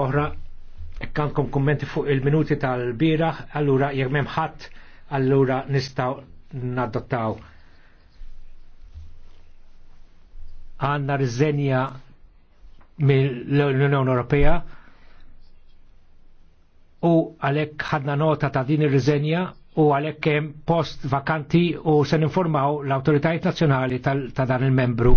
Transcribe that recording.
oħra kankom kummenti fuq il-minuti tal bira allura jekk m'hemm ħadd, allura nistgħu nadottaw. Għandna riżenja mill-Unjoni Ewropea u għalhekk ħadna nota ta' din ir-riżenja u għalhekk hemm post vakanti u se ninformaw l-awtoritajiet nazzjonali ta' dan il-membru